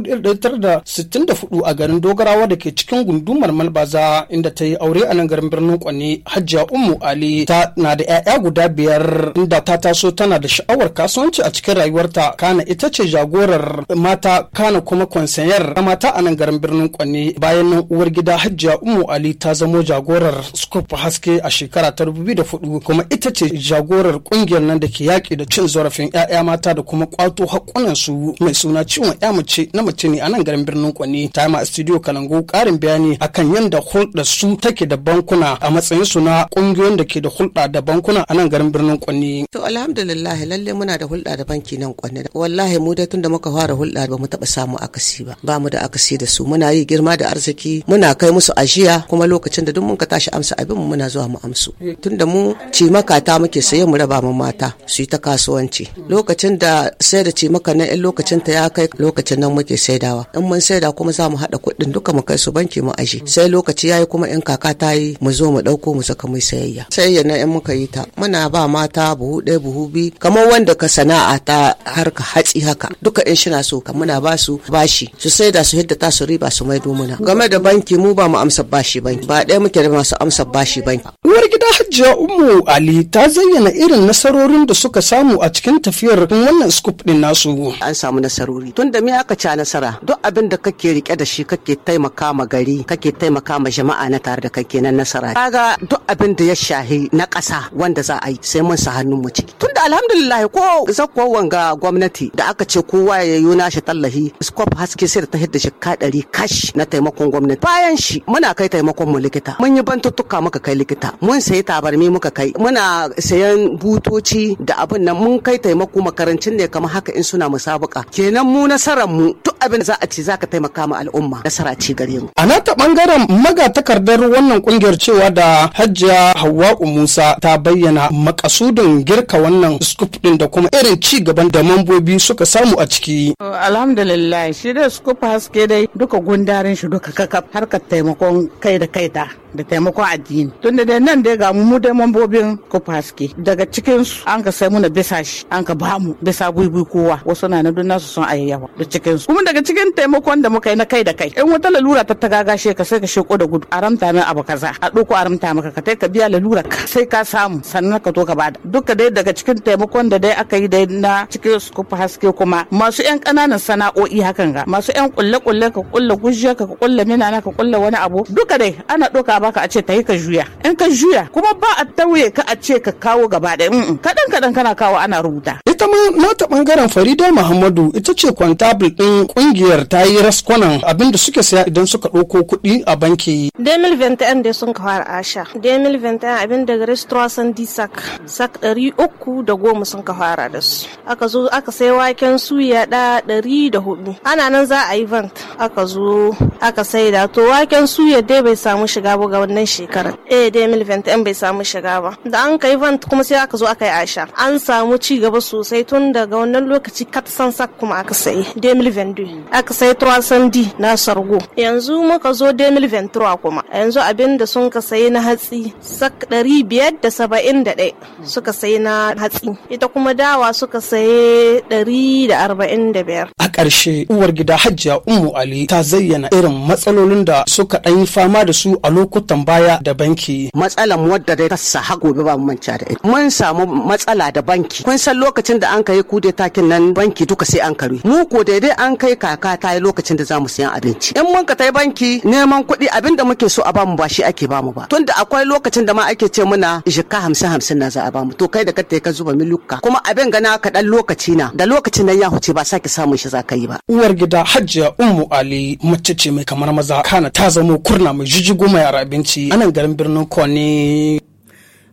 da sittin da hudu a garin Dogarawa da ke cikin gundumar Malbaza inda ta yi aure a nan garin birnin kwani. Hajiya Ummu Ali ta na da 'ya'ya guda biyar inda ta taso tana da sha'awar kasuwanci a cikin rayuwarta kana ita ce jagorar mata kana kuma kwansayar mata a nan garin birnin kwani. bayan nan uwar gida Hajiya Ummu Ali ta zamo jagorar Scoop Haske a shekara ta dubu da hudu kuma ita ce jagorar kungiyar nan da ke yaƙi da cin zarafin 'ya'ya mata da kuma kuma kwato su mai suna ciwon ya mace na mace ne a nan garin birnin Kwani. Ta ma studio Kalango karin bayani akan yadda hulɗa su take da bankuna a matsayin su na ƙungiyoyin da ke da hulɗa da bankuna a nan garin birnin Kwani. To alhamdulillah lalle muna da hulɗa da banki nan Kwani. Wallahi mu dai tun da muka fara hulɗa ba mu taɓa samu akasi ba. Ba mu da akasi da su muna yi girma da arziki muna kai musu ajiya kuma lokacin da duk mun ka tashi amsa abin mu muna zuwa mu amsu. tunda da mu ci makata muke saye mu raba mu mata su yi ta kasuwanci. Lokacin da sai da ce maka na in lokacin ta ya kai lokacin nan muke saidawa in mun saida kuma za mu haɗa kuɗin duka mu kai su banki mu aje sai lokaci yayi kuma in kaka ta yi mu zo mu ɗauko mu saka mai sayayya sayayya na in muka yi ta muna ba mata buhu ɗaya buhu biyu kamar wanda ka sana'a ta harka hatsi haka duka in shi na so ka muna ba su bashi su saida su hidda ta su riba su mai muna game da banki mu ba mu amsa bashi banki ba ɗaya muke da masu amsa bashi banki. uwar gida hajjiya ummu ali ta zayyana irin nasarorin da suka samu a cikin tafiyar wannan scoop din nasu an samu nasarori Tunda da me aka ci nasara duk abin da kake rike da shi kake taimaka ma gari kake taimaka ma jama'a na tare da kake nan nasara kaga duk abin da ya shahi na ƙasa wanda za a yi sai mun sa hannun mu ciki tun da alhamdulillah ko zakko wanga gwamnati da aka ce kowa ya yi nashi tallahi scoop haske sai da ta hidda shekka ɗari kash na taimakon gwamnati bayan shi muna kai taimakon mu likita mun yi bantuttuka muka kai likita mun sayi tabarmi muka kai muna sayan butoci da abin nan mun kai taimako makarancin ne iya kamar haka in suna musabaka kenan mu nasarar mu duk abin da za a ci zaka taimaka ma al'umma nasara ci gare mu a nata bangaren magatakardar wannan kungiyar cewa da hajjiya hawwa'u musa ta bayyana makasudin girka wannan scoop din da kuma irin ci gaban da mambobi suka samu a ciki alhamdulillah shi da scoop haske dai duka gundarin shi duka kakaf harkar taimakon kai da kai ta da taimakon addini tun da nan dai ga mu dai mambobin kufa daga cikin su an ka sai muna bisa shi an ka ba mu bisa buibui kowa wasu na nan nasu sun ayyawa da cikin su kuma daga cikin taimakon da muka yi na kai da kai in wata lalura ta ta gagashe ka sai ka sheko da gudu aramta min abu kaza a doko aramta maka ka kai ka biya lalura ka sai ka samu sannan ka to ka bada duka dai daga cikin taimakon da dai aka yi dai na cikin su kufa haske kuma masu yan ƙananan sana'o'i hakan ga masu yan kulle kulle ka kulle gujiya ka kulle ka kulle wani abu duka dai ana doka baka a ce ta yi ka juya in ka juya kuma ba a tauye ka a ce ka kawo gaba ɗaya kaɗan kaɗan kana kawo ana rubuta ita ma nata bangaren farida muhammadu ita ce kwantabul din kungiyar ta yi raskwanan abinda suke saya idan suka ɗauko kuɗi a banki Demil ventan dai sun kawar asha ventan abin daga restoration sun di sak sak ɗari uku da goma sun kawar da su aka zo aka sai waken suya da ɗari da hudu ana nan za a yi vant aka zo aka sai da to waken suya dai bai samu shiga ba ga wannan shekarar eh ventan bai samu shiga ba da an kai vant kuma sai aka zo aka yi asha an samu ci gaba sosai sosai tun daga wannan lokaci kat san sak kuma aka sayi 2022 aka sayi tuwasan di na sargo yanzu muka zo 2023 kuma yanzu abin da sun ka sayi na hatsi sak 571 suka sayi na hatsi ita kuma dawa suka sayi 145 a ƙarshe uwar gida hajjiya ummu ali ta zayyana irin matsalolin da suka ɗan yi fama da su a lokutan baya da banki matsalan wadda dai ta sa gobe ba mu manta da ita mun samu matsala da banki kun san lokacin lokacin da an kai kude takin nan banki duka sai an kare mu ko daidai an kai kaka ta yi lokacin da za mu siyan abinci in mun ka tai banki neman kuɗi abin da muke so a bamu ba shi ake bamu ba tunda akwai lokacin da ma ake ce muna shika hamsin hamsin na za a bamu to kai da ka ka zuba miluka kuma abin gana ka dan lokaci na da lokacin nan ya huce ba sake samun shi za ka yi ba uwar gida hajjiya ummu ali mace ce mai kamar maza kana ta zama kurna mai jijigo mai yara abinci anan garin birnin kone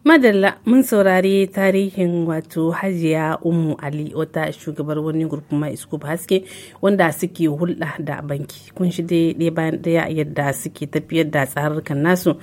madalla mun saurari tarihin wato hajiya umu ali wata shugabar wani gurfin mai iskub haske wanda suke hulɗa da banki kun shi dai bayan ɗaya yadda suke tafiyar da tsararrukan nasu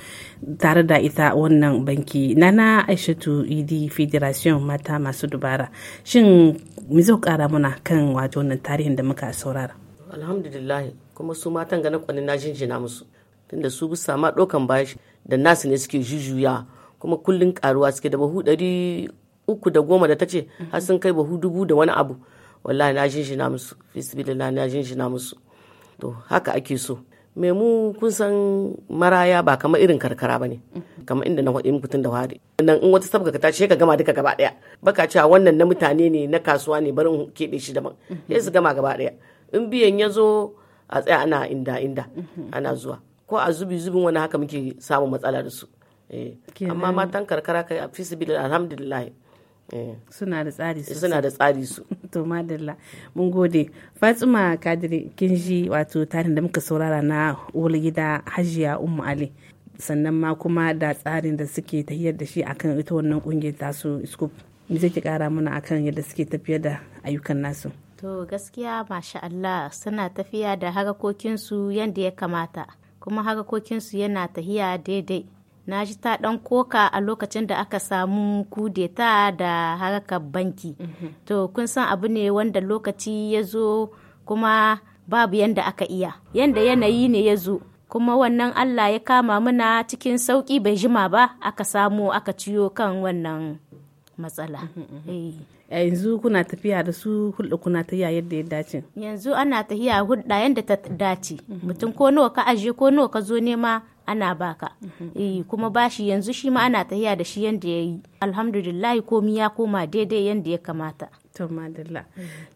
tare da ita wannan banki nana aishatu idi federation mata masu dubara shin mi zo kara muna kan wato wannan tarihin da muka saurara alhamdulillah kuma su matan ga na kwanin na jinjina musu tunda su bisa ma ɗaukan bashi da nasu ne suke jujuya kuma kullun karuwa suke da bahu ɗari uku da goma da ta ce har sun kai bahu dubu da wani abu wallahi na jin na musu bismillah na jin na musu to haka ake so me mu kun san maraya ba kamar irin karkara ba ne kamar inda na faɗi tun da wari nan in wata sabga ta ce ka gama duka gaba ɗaya baka cewa wannan na mutane ne na kasuwa ne barin keɓe shi daban sai su gama gaba ɗaya in biyan ya zo a tsaya ana inda inda ana zuwa ko a zubi zubin wani haka muke samun matsala da su Eh, amma matan karkara kai fi su alhamdulillah eh. suna da tsari su suna da tsari su to madalla mun gode fatima kadiri kin ji wato tarin da muka saurara na gida hajiya ummu ali sannan ma kuma da tsarin da suke tahiyar da shi akan ita wannan kungiyar ta su scoop me zai kara mana akan yadda suke tafiyar da ayyukan nasu to gaskiya masha Allah suna tafiya da harakokinsu yanda ya kamata kuma harakokinsu yana tahiya daidai na ji ta ɗan koka a lokacin da aka samu kudeta da harkar banki mhm. to kun san abu ne wanda lokaci ya zo kuma babu yanda aka iya yanda yanayi ne ya zo kuma wannan allah ya kama muna cikin sauki bai jima ba aka samu aka ciyo kan wannan matsala mhm, mhm, eh. Eh, yanzu kuna tafiya da su hulɗa kuna tafiya yadda ya dace yanzu ana tafiya hulɗa yadda ta dace mutum ko nawa ka aje ko nawa ka zo nema ana baka mhm. eh, kuma bashi yanzu shi ma ana tahiya da shi yanda yayi alhamdulillah komi ya koma daidai yanda ya kamata to madalla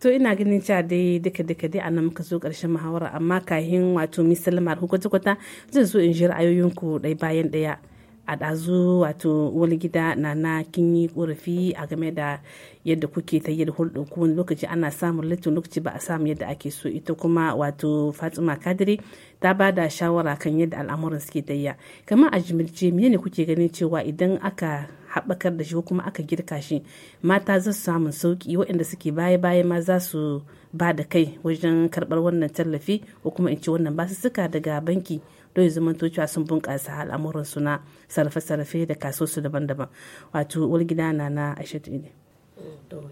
to ina ganin cewa dai duka duka dai anan muka zo karshen muhawara amma kahin wato misalmar hukunta kwata zan so in ji ra'ayoyinku ɗaya bayan ɗaya a ɗazu wato wani gida na na kin yi ƙorafi a game da yadda kuke ta yi hulɗu ku wani lokaci ana samun littin lokaci ba a samu yadda ake so ita kuma wato fatima kadiri ta ba da shawara kan yadda al'amuran suke tayya kamar a jimilce me ne kuke ganin cewa idan aka haɓakar da shi kuma aka girka shi mata za su samun sauƙi waɗanda suke baya baya ma za su ba da kai wajen karɓar wannan tallafi ko kuma in ce wannan basussuka daga banki don zama sun bunkasa al'amuran suna na sarrafe-sarrafe da kasuwarsu daban-daban wato walgida na na ashirin ne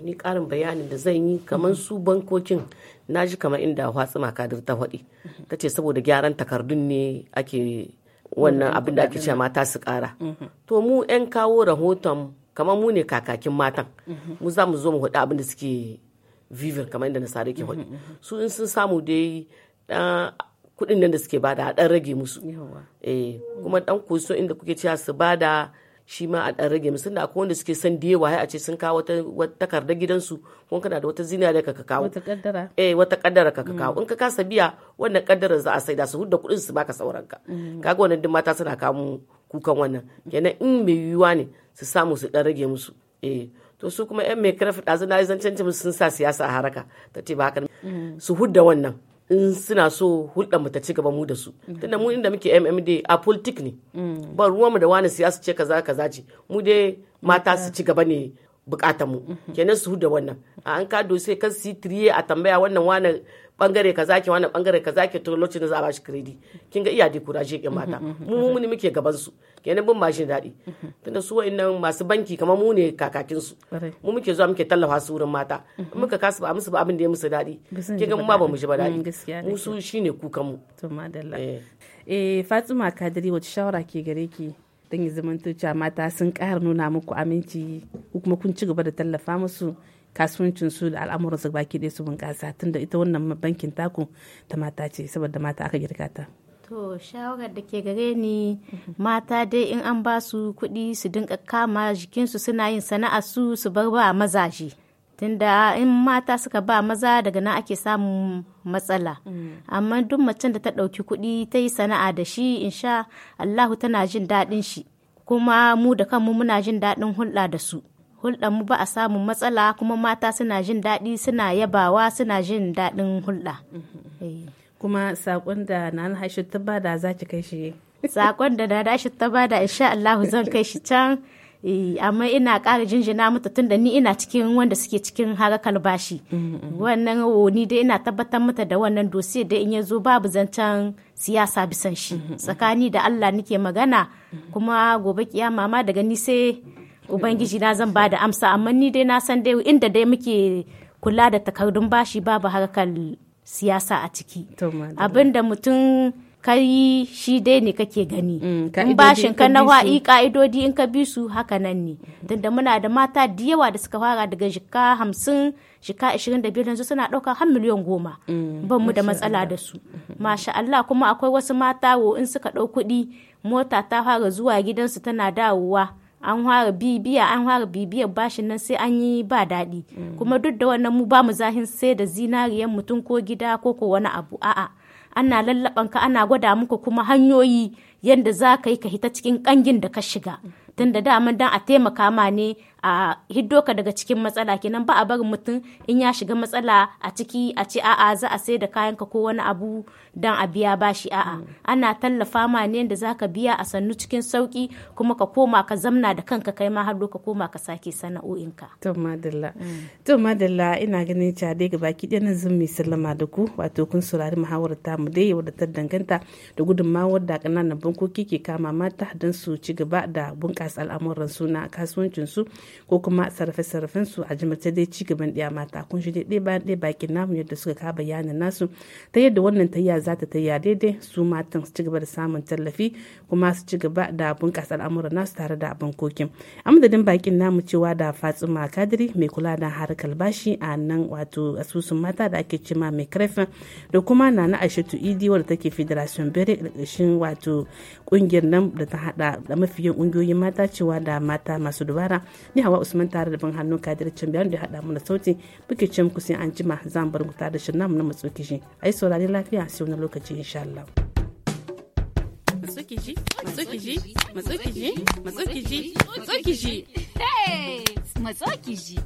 ni karin bayanin da zan yi kamar su bankokin na ji kamar inda hatsuma kadir ta faɗi ta ce saboda gyaran takardun ne ake wannan abin da ake cewa mata su kara mhm. to mu 'yan kawo rahoton kamar mu ne kakakin matan mhm. mu za mu zo mu hudu abin da suke vivir kamar inda nasara ke hudu su in sun samu dai Kudin nan da suke bada a dan rage musu eh kuma ɗan kuso inda kuke cewa su bada shi ma a dan rage musu da akwai wanda suke son diyewa yawa a ce sun kawo wata takardar gidansu ko kana da wata zinariya ka kawo wata kaddara eh wata kaddara ka kawo mm. in ka kasa biya wannan kaddarar za a saida su hudda kuɗin su baka sauran ka mm. kaga wannan din mata suna kawo kukan wannan kenan in mai yiwuwa ne su samu su dan rage musu eh to su kuma yan mai karfi ɗazu na yi zancen sun sa siyasa a haraka ta ce ba haka mm. su hudda wannan in suna so hulɗa mu ta ci gaba mu da su tunda mu inda muke mmd a politik ne ba ruwan mu da wani siyasa ce kaza kaza ce mu dai mata su ci gaba ne bukatar mu kenan su da wannan a an ka sai kan su tiriye a tambaya wannan wani bangare ka zaki wani bangare ka zaki to lokacin da za a bashi kredi kin ga iya di kuraje ke mata mm-hmm, mm-hmm, mu mu mm-hmm. ne muke gaban su kenan bin bashin daɗi tunda su wa'annan masu banki kamar mu ne kakakin su mu muke zuwa muke tallafa su wurin mata muka kasu ba musu ba abin da ya musu daɗi kin ga mu ma ba mu ji ba daɗi mm, mu su shine kukan mu to madalla eh, eh Fatima Kadiri wata shawara ke gare ki dan ya zamanto cewa mata sun ƙara nuna muku aminci kuma kun ci gaba da tallafa musu kasuwancin su da al'amuran su baki ɗaya su bunƙasa da ita wannan bankin taku ta mata ce saboda mata aka girka ta to shawarar da ke gare ni mata dai in an ba su kuɗi su dinka kama jikinsu suna yin sana'a su su bar ba mazaje tunda in mata suka ba maza daga nan ake samun matsala mm. amma duk macen da ta ɗauki kuɗi ta yi sana'a da shi insha Allahu tana jin daɗin shi kuma mu da kanmu muna jin daɗin hulɗa da su hulɗar mu ba a samun matsala kuma mata suna jin daɗi suna yabawa suna jin daɗin hulɗa. Mhm. Eh. Kuma saƙon da na alhashi ta bada za ki kai shi. Saƙon da na alhashi ta bada insha Allah zan kai shi can. Eh, amma ina ƙara jinjina mata tun da ni ina cikin wanda suke cikin harakar bashi mhm. wannan ni dai ina tabbatar mata da wannan dosiye da in ya zo babu zancen siyasa bisan shi mhm, tsakani da allah nike magana kuma gobe kiyama ma daga ni sai ubangiji na zan ba da amsa amma ni dai na san dai inda dai muke kula da takardun bashi babu harkar siyasa a ciki abinda mutum kai shi dai ne kake gani mm, in bashin ka na wa'i ka'idodi in ka bi su haka nan ne tunda muna da mata da yawa da suka fara daga jika hamsin jika ashirin da biyar yanzu suna ɗauka har miliyan goma mm, ban mu da matsala da su masha Allah kuma akwai wasu mata wo in suka ɗau kuɗi mota ta fara zuwa gidansu tana dawowa an fara bibiya an fara bibiyar bashin nan sai an yi ba daɗi mm. kuma duk da wannan mu ba mu zahin sai da zinariyan mutum ko gida ko ko wani abu a'a ana lallaban ka ana gwada muku kuma hanyoyi yadda za ka yi ka hita cikin kangin da ka shiga mm. tunda daman dan a taimaka ma ne a hiddo ka daga cikin matsala kenan ba a barin mutum in ya shiga matsala a ciki a ce a'a za a sai da kayan ka ko wani abu dan a biya bashi a'a ana tallafa ma ne da zaka biya a sannu cikin sauki kuma ka koma ka zamna da kanka kai ma har ka koma ka sake sana'o'inka to madalla to madalla ina ganin cha dai gaba ki nan zan mai sallama da ku wato kun saurari muhawarar ta mu dai wadda ta danganta da gudunmawar da kananan bankoki ke kama mata don su ci gaba da bunƙasa al'amuran su na kasuwancin su ko kuma sarrafe-sarrafen su a jimarta dai ci gaban ɗaya mata kun shi dai bayan ɗaya bakin namu yadda suka ka bayanin nasu ta yadda wannan tayya za ta tayya daidai su matan su ci gaba da samun tallafi kuma su ci gaba da bunƙasa al'amura nasu tare da abin kokin amadadin bakin namu cewa da fatsima kadiri mai kula da harkar bashi a nan wato asusun mata da ake cima mai karfin da kuma nana aishatu idi wadda take federation bere ƙarƙashin wato ƙungiyar nan da ta hada da mafiyan ƙungiyoyin mata cewa da mata masu dubara ni hawa usman tare da bin hannun kadir can biyar da hada mana sauti muke can ku sai an jima zan bar ku tare da shirin namu na matso kishi ai saurari lafiya sai wani lokaci insha Allah. Matsukiji, matsukiji, matsukiji, matsukiji, matsukiji. Hey! Matsukiji.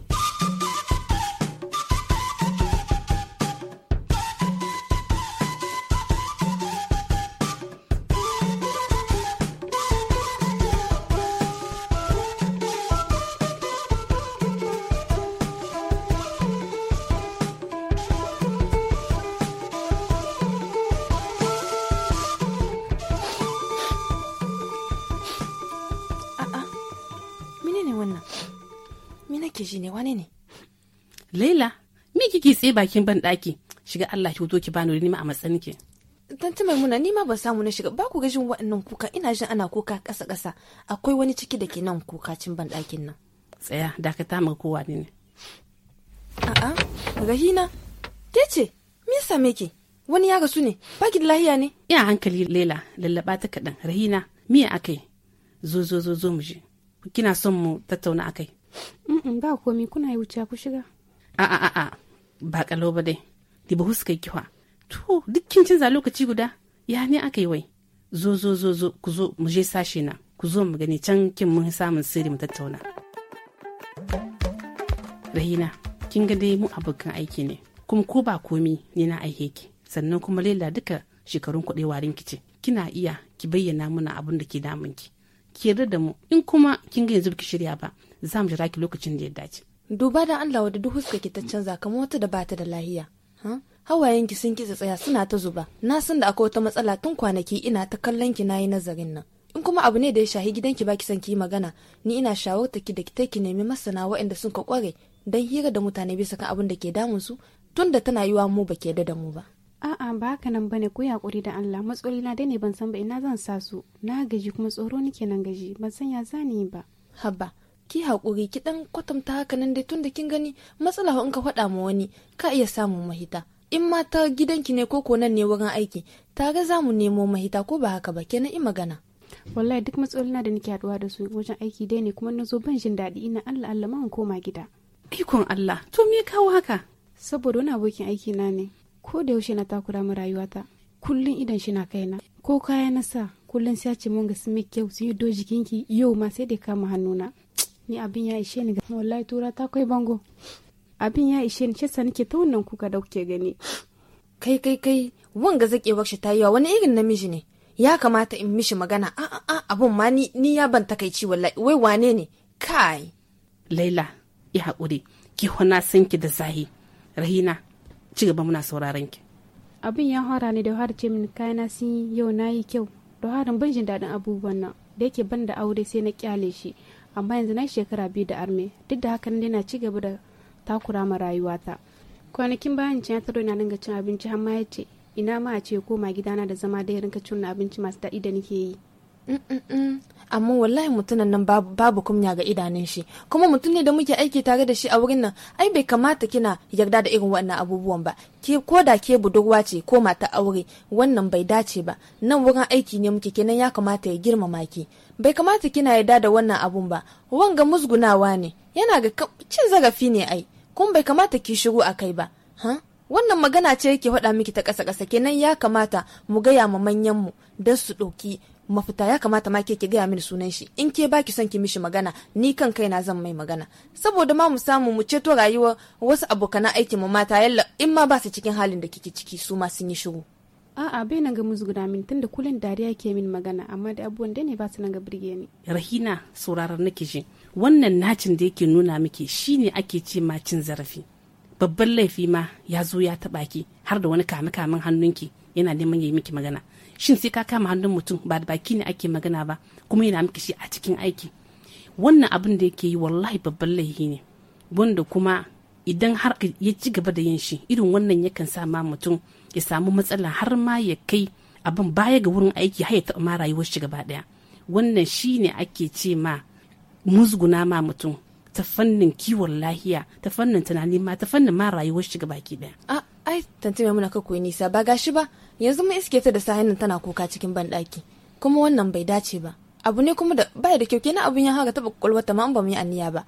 Laila, me kike tsaye bakin ban daki? Shiga Allah ki zo ki bani wuri nima a matsayin ki. Tanti Maimuna nima ma ban samu na shiga ba ku ga jin waɗannan kuka ina jin ana kuka ƙasa ƙasa akwai wani ciki da ke nan kuka cin ban ɗakin nan. Tsaya dakata maka kowa ne ne. A'a rahina ke ce me yasa me ke wani ya rasu ne baki da lahiya ne. ina hankali Laila lallaba ta kaɗan rahina miya akai zo zo zo zo mu je kina son mu tattauna akai. Ba komi kuna yi wuce ku shiga. a'a a'a ba kalau ba dai da ba huska kiwa to duk kin canza lokaci guda ya ne aka yi wai zo zo zo zo ku zo mu je sashe na ku zo mu gani can kin mun samun sirri mu tattauna rahina kin ga dai mu abokan aiki ne kuma ko ba komi ne na aike ki sannan kuma lela duka shekarun kuɗi warin ki ce kina iya ki bayyana muna abin da ke damun ki ki yarda da mu in kuma kin ga yanzu ki shirya ba za mu jira ki lokacin da ya dace duba da Allah wadda duk huska ki ta canza kamar wata da bata da lahiya hawayenki sun kitsa tsaya suna ta zuba na san da akwai wata matsala tun kwanaki ina ta kallon ki yi nazarin nan in kuma abu ne da ya shahi gidanki baki son ki magana ni ina shawarta ki da ki ki nemi masana waɗanda sun ka kware dan hira da mutane bisa kan abin da ke damun su tun da tana yiwa mu ba ke da mu ba a'a ba haka nan bane ku yakuri da Allah matsaloli na dai ne ban san ba ina zan sa su na gaji kuma tsoro nake nan gaji ban san ya zani ba habba ki haƙuri ki ɗan kwatanta haka nan dai tun da kin gani matsala in ka faɗa ma wani ka iya samun mahita in ma ta gidanki ne ko nan ne wurin aiki tare za mu nemo mahita ko ba haka ba kenan in magana wallahi duk matsalolina da nake haɗuwa da su wajen aiki dai ne kuma na zo ban jin daɗi ina Allah Allah ma koma gida ikon Allah to me kawo haka saboda wani abokin aiki na ne ko da yaushe na takura mu rayuwata kullum idan shi na kaina ko kaya na sa kullum sai ce mun ga sun kyau sun yi do jikinki yau ma sai dai kama hannu na. ni abin ya ishe ni wallahi tura ta kai bango abin ya ishe ni ce sa nake ta wannan kuka da kuke gani kai kai kai wanga zake bakshi ta yiwa wani irin namiji ne ya kamata in mishi magana a a a abun ma ni ni ya ban takaici wallahi wai wane ne kai laila ya haƙuri ki hona sanki da zahi rahina ci gaba muna sauraron ki abin ya hara ne da har ce min kayana sun yau na yi kyau da harin ban jin daɗin abubuwan nan da yake ban da aure sai na kyale shi amma yanzu na shekara biyu da arme duk da hakan dai na ci gaba da takura ma rayuwata kwanakin bayan cin ya taro na dinga cin abinci har ma ya ce ina ma a ce koma gidana da zama da rinka cin abinci masu daɗi da nake yi amma wallahi mutumin nan babu kumya ga idanun shi kuma mutum ne da muke aiki tare da shi a wurin nan ai bai kamata kina yarda da irin wannan abubuwan ba ke ko da ke budurwa ce ko mata aure wannan bai dace ba nan wurin aiki ne muke kenan ya kamata ya girmama ki bai kamata kina yarda da wannan abun ba wanga musgunawa ne yana ga cin zarafi ne ai kuma bai kamata ki shiru a kai ba ha wannan magana ce yake faɗa miki ta ƙasa ƙasa kenan ya kamata mu gaya ma manyan mu don su ɗauki mafita ya kamata ma ke ki gaya mini sunan shi in ke baki son ki mishi magana ni kan kai na zan mai magana saboda ma mu samu mu ceto rayuwar wasu abokan aikin mu mata yalla in ma ba su cikin halin da kike ciki su ma sun yi shiru a'a bai nan ga mu zuguna min tunda kullun dariya ke min magana amma da abubuwan da ne ba su nan ga birge ni rahina sauraron nake ji wannan nacin da yake nuna miki shine ake ce ma cin zarafi babban laifi ma ya zo ya taba ki har da wani kame kamen hannunki yana neman ya yi miki magana shin sai ka kama hannun mutum ba da baki ne ake magana ba kuma yana miki shi a cikin aiki wannan abin da yake yi wallahi babban laifi ne wanda kuma idan har ya ci gaba da yin shi irin wannan yakan sa ma mutum ya samu matsala har ma ya kai abin baya ga wurin aiki har ya taɓa ma rayuwar shi gaba ɗaya wannan shi ne ake ce ma musguna ma mutum ta fannin kiwon lahiya ta fannin tunani ma ta fannin ma rayuwar shi gaba ɗaya. ai tantime muna ka koyi nisa ba gashi ba yanzu mun iske ta da sahinan tana kuka cikin banɗaki kuma wannan bai dace ba abu ne kuma da bai da kyau kenan abun ya haka taɓa kwakwalwar ta ma an ba mu yi aniya ba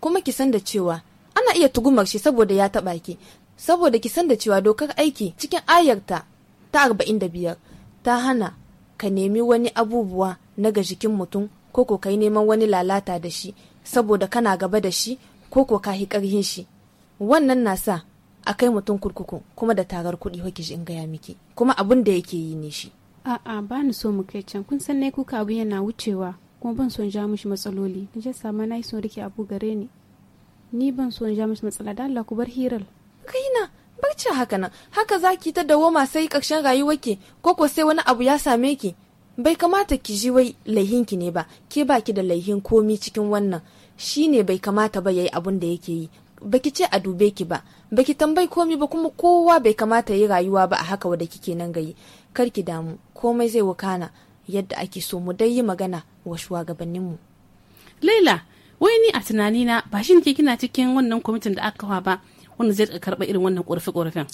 kuma ki san da cewa ana iya tugumar shi saboda ya taɓa ki saboda ki san da cewa dokar aiki cikin ayarta ta arba'in da biyar ta hana ka nemi wani abubuwa na ga jikin mutum ko ko kai neman wani lalata da shi saboda kana gaba da shi ko ko ka hi karhin shi wannan na sa a kai mutum kurkuku kuma da tagar kuɗi hoki shi in gaya miki kuma abin da yake yi ne shi a'a ba ni so mu kai can kun san nai kuka abu yana wucewa kuma ban son ja mishi matsaloli na je sama na yi son rike abu gare ni ni ban son ja mishi matsala da Allah ku bar hirar kai na barci haka nan haka za zaki ta dawoma sai ƙarshen rayuwarki ko ko sai wani abu ya same ki bai kamata ki ji wai laihinki ne ba ke baki da laihin komi cikin wannan shi ne bai kamata ba yayi abun da yake yi baki ce a dube ki ba baki tambayi komi ba kuma kowa bai kamata ya yi rayuwa ba a haka wadda kike nan gayi kar ki damu komai zai wakana yadda ake so mu dai yi magana wa shugabanninmu laila wai ni a tunanina ba shi ne kina cikin wannan kwamitin da aka kawa ba wanda zai karba irin wannan ƙorafe kurfin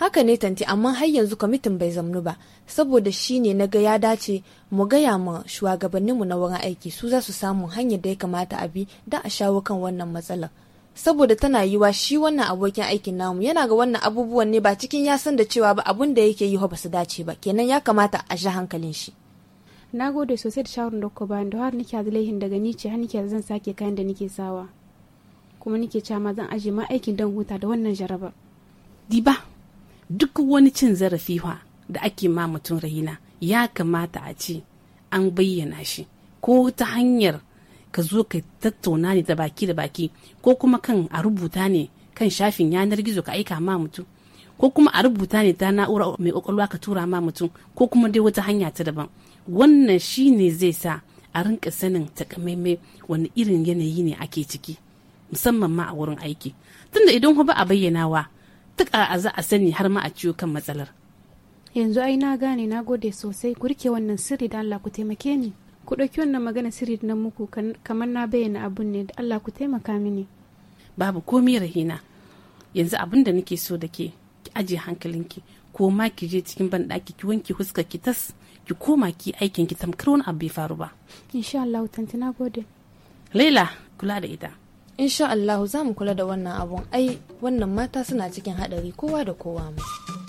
haka ne tanti amma har yanzu kwamitin bai zamnu ba saboda shi ne na ga ya dace mu gaya ma shugabanninmu na wurin aiki su za su samu hanyar da ya kamata a bi don a shawo kan wannan matsalar saboda tana yiwa shi wannan abokin aikin namu yana ga wannan abubuwan ne ba cikin ya san da cewa ba abun da yake yi ba su dace ba kenan ya kamata a ji hankalin shi na gode sosai da shawarar da ku bayan da har nake da daga ni ce har nake zan sake kayan da nake sawa kuma nake cewa ma zan aje ma aikin dan huta da wannan jarabar diba duk wani cin zarafi da ake ma mutum rahina ya kamata a ce an bayyana shi ko ta hanyar ka zo ka tattauna ne da baki da baki ko kuma kan a rubuta ne kan shafin yanar gizo ka aika ma mutum ko kuma a rubuta ne ta na'ura mai kwakwalwa ka tura ma mutum ko kuma dai wata hanya ta daban wannan shi ne zai sa a rinka sanin takamaimai wani irin yanayi ne ake ciki musamman ma a wurin aiki tunda idan ba a bayyanawa tuka a za a sani har ma a ciwo kan matsalar yanzu ai na gane na gode sosai ku rike wannan sirri da Allah ku taimake ni ku ɗauki wannan magana sirri na muku kamar na bayyana abun ne da Allah ku taimaka mini babu komai rahina yanzu abin da nake so da ke ki aje hankalinki ko ma ki je cikin banɗaki ki wanke huska ki tas ki koma ki aikin ki tamkar wani abu bai faru ba insha Allah tanti na gode Laila kula da ita insha Allah za mu kula da wannan abun ai wannan mata suna cikin haɗari kowa da kowa mu